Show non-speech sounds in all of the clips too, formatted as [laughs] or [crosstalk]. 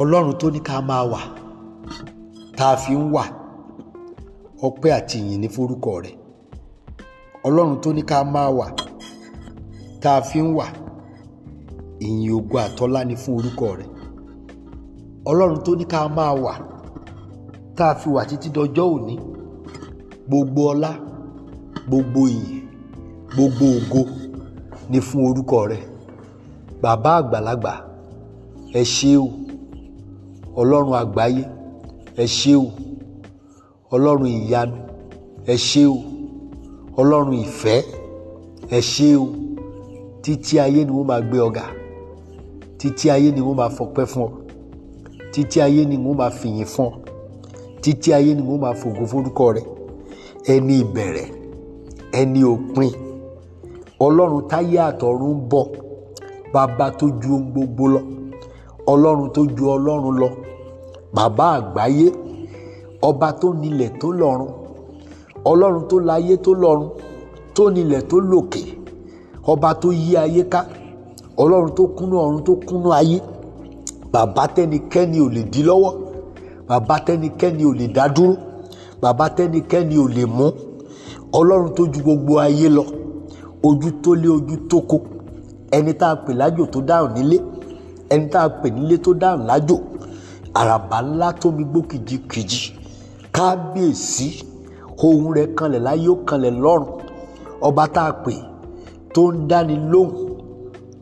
ọlọ́run tó ní ká máa wà tá a fi ń wà ọpẹ́ àti ìyìn ní forúkọ rẹ̀ ọlọ́run tó ní ká máa wà tá fi ń wà ìyìn àtọ́lá ní fún orúkọ rẹ̀ ọlọ́run tó ní ká máa wà tá fi wà títí gbogbo ọlá gbogbo ìyìn ẹ ṣé o ọlọ́run àgbáyé ẹ ṣé o ọlọ́run ìyanu ẹ ṣé o ọlọ́run ìfẹ́ ẹ ṣé o títí ayé ni wọ́n máa gbé ọ̀gá títí ayé ni wọ́n máa fọpẹ́ fún ọ títí ayé ni wọ́n máa fìyìn fún ọ títí ayé ni wọ́n máa fògo forúkọ rẹ ẹni ìbẹ̀rẹ̀ ẹni òpin ọlọ́run táyé àtọ̀run ń bọ̀ bàbá tó ju ohun gbogbo lọ ọlọ́run tó ju ọlọ́run lọ bàbá àgbáyé ọba tó nílẹ̀ tó lọ́run ọlọ́run tó láyé tó lọ́run tó nílẹ̀ tó lòkè ọba tó yí ayé ká ọlọ́run tó kúnú ọ̀run tó kúnú ayé bàbá tẹnikẹ́ni ò lè dí lọ́wọ́ bàbá tẹnikẹ́ni ò lè dá dúró bàbá tẹnikẹ́ni ò lè mú ọlọ́run tó ju gbogbo ayé lọ ojú tó lé ojú tó kó ẹni tá a pè lájò tó dáhùn nílé ẹni tá a pè nílé tó dá lájò àràbà ńlá tómi gbó kìjikìji kábíyèsí ohùn rẹ̀ kanlẹ̀ láyé ó kanlẹ̀ lọ́run ọba tá a pè tó ń dáni lóhùn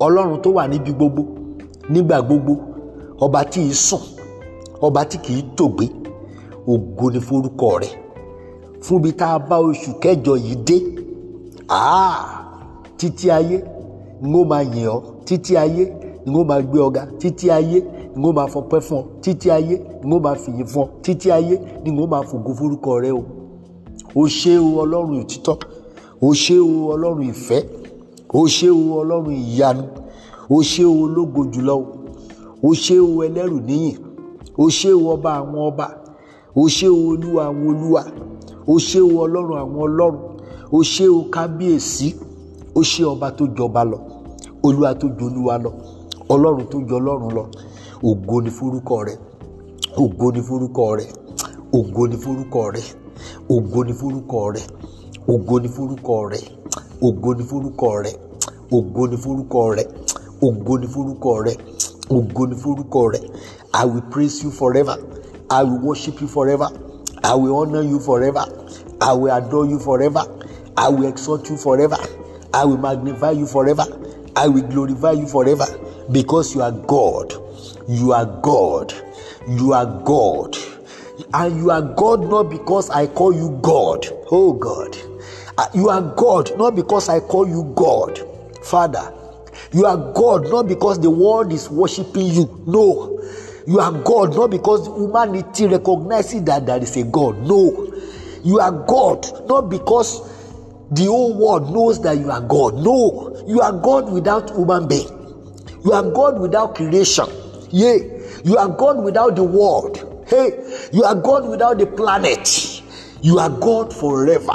ọlọ́run tó wà níbi gbogbo nígbà gbogbo ọba tí ì sùn ọba tí kì í tògbé ògo ni forúkọ rẹ̀ fún tá a bá oṣù kẹjọ yìí dé títí ayé ń ó máa yìn ọ́ títí ayé n ó máa gbé ọ̀gá títí ayé n ó máa fọpẹ́ fún ọ títí ayé n ó máa fìyìn fún ọ títí ayé ni n ó máa fògo forúkọ rẹ o o ṣé o ọlọ́run òtítọ́ o ṣé o ọlọ́run ìfẹ́ o ṣé o ọlọ́run ìyanu o ṣé o ológo jùlọ o o ṣé o ẹlẹ́rù níyìn o ṣé o ọba àwọn ọba o ṣé o olúwa àwọn olúwa o ṣé o ọlọ́run àwọn ọlọ́run o ṣé o kábíyèsí o ṣé ọba tó jọba lọ olúwa tó jolúwa lọ ọlọ́run tó ju ọlọ́run lọ ògo ni forúkọ rẹ ògo ni forúkọ rẹ ògo ni forúkọ rẹ ògo ni forúkọ rẹ ògo ni forúkọ rẹ ògo ni forúkọ rẹ ògo ni forúkọ rẹ ògo ni forúkọ rẹ ògo ni forúkọ rẹ i will praise you forever i will worship you forever i will honour you forever i will adore you forever i will exalt you forever i will magnify you forever i will glorify you forever. because you are God. You are God. You are God. And you are God not because I call you God. Oh God. Ah, you are God not because I call you God. Father, you are God not because the world is worshiping you. No. You are God not because humanity recognizes that there is a God. No. You are God not because the whole world knows that you are God. No. You are God without human being. You are God without creation. Yea, you are God without the world. Hey, you are God without the planet. You are God forever.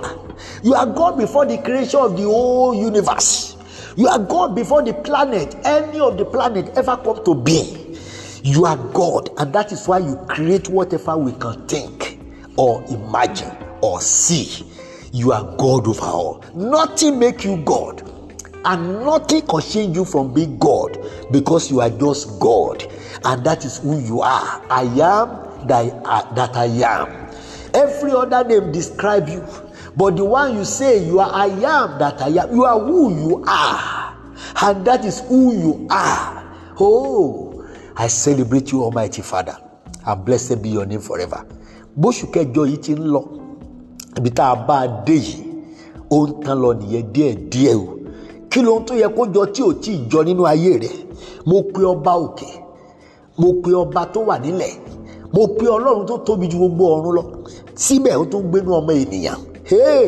You are God before the creation of the whole universe. You are God before the planet, any of the planet ever come to be. You are God, and that is why you create whatever we can think or imagine or see. You are God over all. Nothing make you God. And nothing can change you from being God because you are just God. And that is who you are. I am uh, that I am. Every other name describe you. But the one you say you are, I am that I am. You are who you are. And that is who you are. Oh, I celebrate you, Almighty Father. And blessed be your name forever. bó jọ yìí ti ń lọ ibi tá a kí lóhun tó yẹ kó jọ tí ò tí ì jọ nínú ayé rẹ mo pe ọba òkè mo pe ọba tó wà nílẹ̀ mo pe ọlọ́run tó tóbi ju gbogbo ọ̀run lọ síbẹ̀ ó tún gbénú ọmọ ènìyàn hey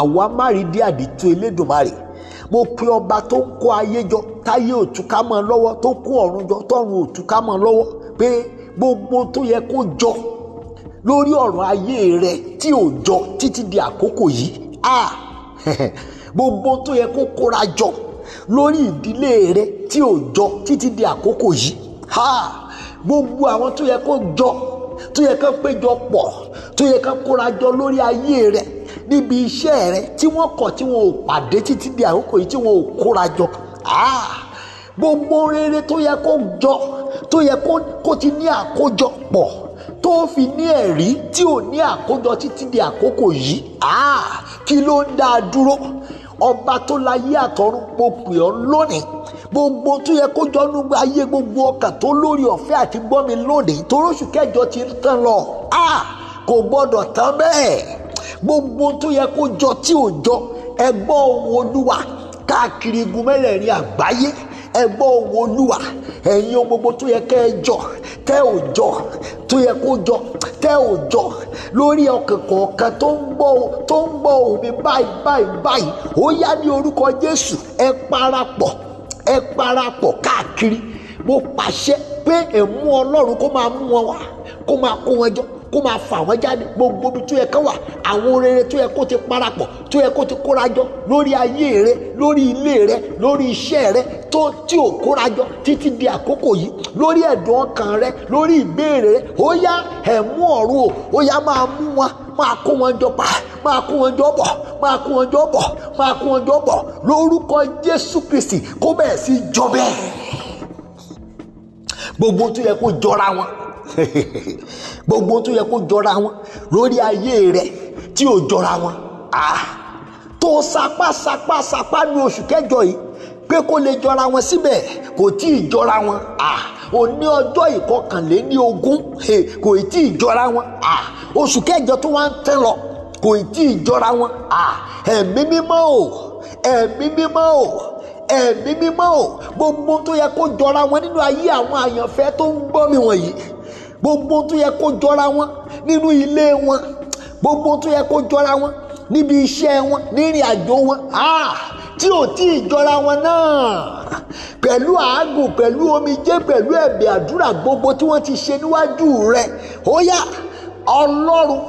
àwa má rí dé àdìtú elédùnmarè mo pe ọba tó ń kó ayé jọ táyé òtúká mọ́ ọ lọ́wọ́ tó kó ọ̀run jọ tọ́run òtúká mọ́ ọ lọ́wọ́ pé gbogbo tó yẹ kó jọ lórí ọ̀rọ̀ ayé rẹ tí ò jọ títí di àkókò yìí ah! [laughs] gbogbo tó yẹ kó kóra jọ lórí ìdílé rẹ tí ò jọ títí di àkókò yìí ha gbogbo àwọn tó yẹ kó jọ tó yẹ kó péjọ pọ̀ tó yẹ kó kóra jọ lórí ayé rẹ níbi iṣẹ́ rẹ tí wọ́n kọ̀ tí wọn ò pàdé títí di àkókò yìí tí wọn ò kóra jọ gbogbo rere tó yẹ kó jọ tó yẹ kó ti ní àkójọpọ̀ tó fi ní ẹ̀rí tí ò ní àkójọ títí di àkókò yìí kí ló ń dá a dúró ọba tó láyé àtọ̀run mo pè ọ́ lónìí gbogbo tó yẹ kó jọ nínú ayé gbogbo ọkàn tó lórí ọ̀fẹ́ àti gbọ́ lónìí toróṣù kẹjọ ti tán lọ a kò gbọ́dọ̀ tán bẹ́ẹ̀ gbogbo tó yẹ kó jọ tí ò jọ ẹgbọ́ ohùn olúwa káàkiri igun mẹ́rẹ̀ẹ̀rin àgbáyé ẹgbọ́ ohùn olúwa ẹ̀yin ohun gbogbo tó yẹ kẹ́ ẹ jọ tẹ́ ò jọ tó yẹ kó jọ tẹ́ ò jọ lórí ọkàn kọ̀ọ̀kan tó ń gbọ́ tó ń gbọ́ òbí báyìí báyìí báyìí ó yá ní orúkọ Jésù ẹ parapọ̀ ẹ parapọ̀ káàkiri mo pàṣẹ pé ẹ̀mú Ọlọ́run kó máa mú wọn wá kó máa kó wọn jọ kó máa fà wọ́n jáde gbogbo ibi tó yẹ kán wà àwọn rere tó yẹ kó ti parapọ̀ tó yẹ kó ti kórajọ lórí ayé rẹ lórí ilé rẹ lórí iṣẹ́ rẹ tó tí ò kórajọ títí di àkókò yìí lórí ẹ̀dùn ọkàn rẹ lórí ìbéèrè rẹ ó yá ẹ̀mú ọ̀run o ó yá máa mú wọn máa kó wọn jọ pa máa kó wọn jọ bọ̀ máa kó wọn jọ bọ̀ máa kó wọn jọ bọ̀ lórúkọ Jésù Kristi kó bẹ̀rẹ̀ sí jọ bẹ́ẹ̀ gbogbo tó yẹ kó jọra wọn [laughs] gbogbo tó yẹ kó jọra wọn lórí ayé rẹ tí ò jọra wọn ah, tó sapá sapá sapá ní oṣù kẹjọ yìí pé kó lè jọra wọn síbẹ̀ kò tí ì jọra wọn ò ah, ní ọjọ́ ìkọkànléní ogún kò tí ì jọra wọn ah, oṣù kẹjọ tó wá ń tẹ́ lọ kò tí ì jọra wọn ẹ̀mí mímọ́ o ẹ̀mí mímọ́ o ẹ̀mí mímọ́ o gbogbo tó yẹ kó jọra wọn nínú ayé àwọn àyànfẹ́ tó ń gbọ́ mi wọ̀nyí gbogbo tó yẹ kó jọra wọn nínú ilé wọn gbogbo tó yẹ kó jọra wọn níbi iṣẹ́ wọn nírìn àjò wọn ah, tí ò tí ì jọra wọn náà pẹ̀lú àágùn pẹ̀lú omijé pẹ̀lú ẹ̀bẹ̀ àdúrà gbogbo tí wọ́n ti ṣe níwájú rẹ̀ ó yá ọlọ́run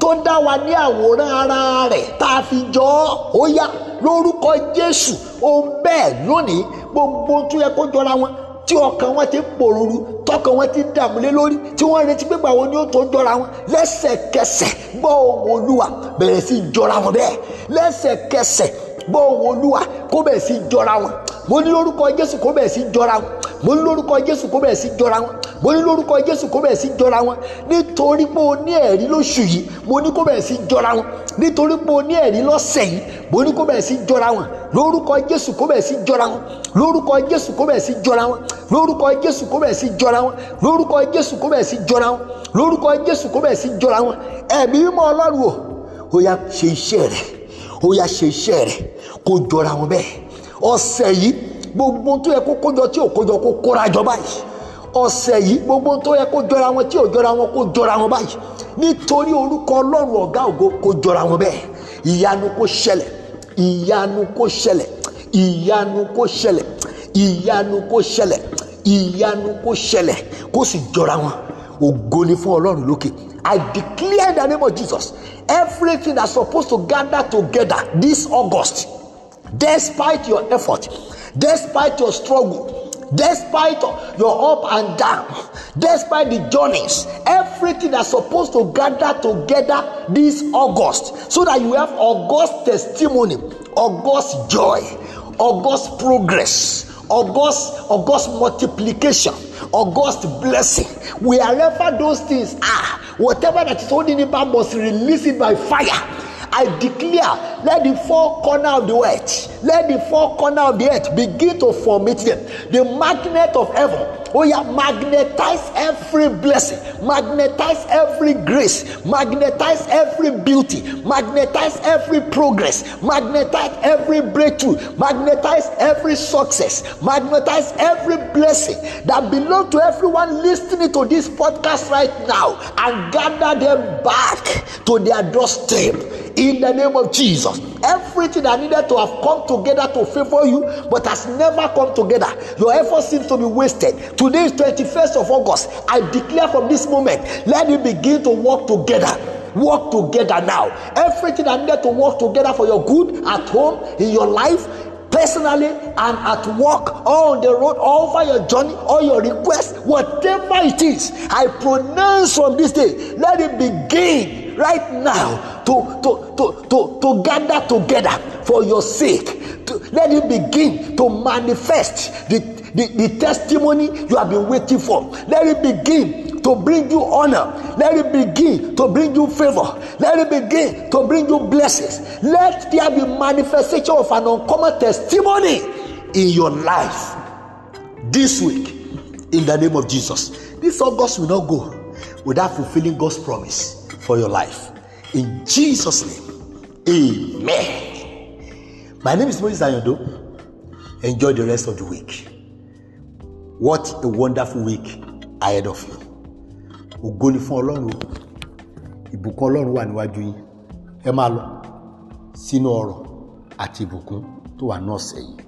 tó dá wa ní àwòrán ara rẹ̀ tá a fi jọ ọ́ ó yá lórúkọ jésù ó bẹ́ẹ̀ lónìí gbogbo tó yẹ kó jọra wọn tí ọkàn wọn ti pòrúurú tọkàn wọn ti dààmú lé lórí tí wọ́n retí pé gbàwọ́ ni ó tó jọra wọn lẹ́sẹ̀kẹsẹ̀ gbọ́ ohùn olúwa bẹ̀rẹ̀ sí jọra wọn bẹ́ẹ̀ lẹ́sẹ̀kẹsẹ̀ gbọ́ ohùn olúwa kó bẹ̀rẹ̀ sí jọra wọn mo ní lórúkọ jésù kó bẹ̀rẹ̀ sí jọra wọn mo ní lórúkọ jésù kó bẹ̀rẹ̀ sí jọra wọn mo ní lórúkọ jésù kó bẹ̀rẹ̀ sí jọra wọn nítorí pé o ní ẹ̀rí lóṣù yìí mo ní kó bẹ̀rẹ̀ sí jọra wọn nítorí pé o ní ẹ̀rí lọ́sẹ̀ yìí mo ní kó bẹ̀rẹ̀ sí jọra wọn lórúkọ jésù kó bẹ̀rẹ̀ sí jọra wọn lórúkọ jésù kó bẹ̀rẹ̀ sí jọra wọn lórúkọ jésù kó bẹ̀rẹ̀ sí jọra wọn lórúkọ jésù kó bẹ̀rẹ̀ sí jọra wọn lórúkọ jésù kó bẹ̀rẹ̀ sí jọra wọn ẹ̀mí mímọ́ ọlọ́run o ó yá ṣe iṣẹ́ rẹ̀ ó yá ṣe iṣẹ́ rẹ̀ kó jọra wọn bẹ́ẹ̀ ọ̀sẹ̀ yìí gbogbo tó yẹ kó kójọ tí ò kójọ kó kóra jọ báyìí ọ̀sẹ̀ yìí gbogbo tó yẹ kó jọra wọn tí ò jọra wọn kó jọra wọn báyìí nítorí orúkọ ọlọ́run ọ̀gá ògo kó jọra wọn bẹ́ẹ̀ ìyanu kó ṣẹlẹ̀ ìyanu kó ṣẹlẹ̀ ìyanu kó ṣẹlẹ̀ ìyanu kó ṣẹlẹ̀ ìyanu kó ṣẹlẹ̀ kó sì jọra wọn ògo ni fún ọlọ́run lókè I declare the name of Jesus everything that's supposed to gather together this August despite your effort despite your struggle despite your up and down despite the journeys everything that's supposed to gather together this august so that you have august testimony august joy august progress august august multiplication august blessing wherever those things are whatever that is holding it back must release it by fire I declare, let the four corner of the earth, let the four corner of the earth begin to formate them. The magnet of heaven oh yeah magnetize every blessing magnetize every grace magnetize every beauty magnetize every progress magnetize every breakthrough magnetize every success magnetize every blessing that belong to everyone listening to this podcast right now and gather them back to their doorstep in the name of Jesus. Everything that needed to have come together to favor you, but has never come together. Your effort seems to be wasted. Today is 21st of August. I declare from this moment, let it begin to work together work together now. Everything that needed to work together for your good at home, in your life, personally, and at work, all on the road, all over your journey, all your requests, whatever it is, I pronounce from this day, let it begin right now to, to, to, to, to gather together for your sake. To, let it begin to manifest the, the, the testimony you have been waiting for. Let it begin to bring you honor. Let it begin to bring you favor. Let it begin to bring you blessings. Let there be manifestation of an uncommon testimony in your life this week in the name of Jesus. This August will not go without fulfilling God's promise for your life. In Jesus' name, amen. My name is Moses Ayondo. Enjoy the rest of the week. What a wonderful week ahead of you. Ògo ni fún Ọlọ́run o. Ìbùkún Ọlọ́run wà níwájú yín. Ẹ máa lọ sínú ọrọ̀ àti ìbùkún tó wà ní ọ̀sẹ̀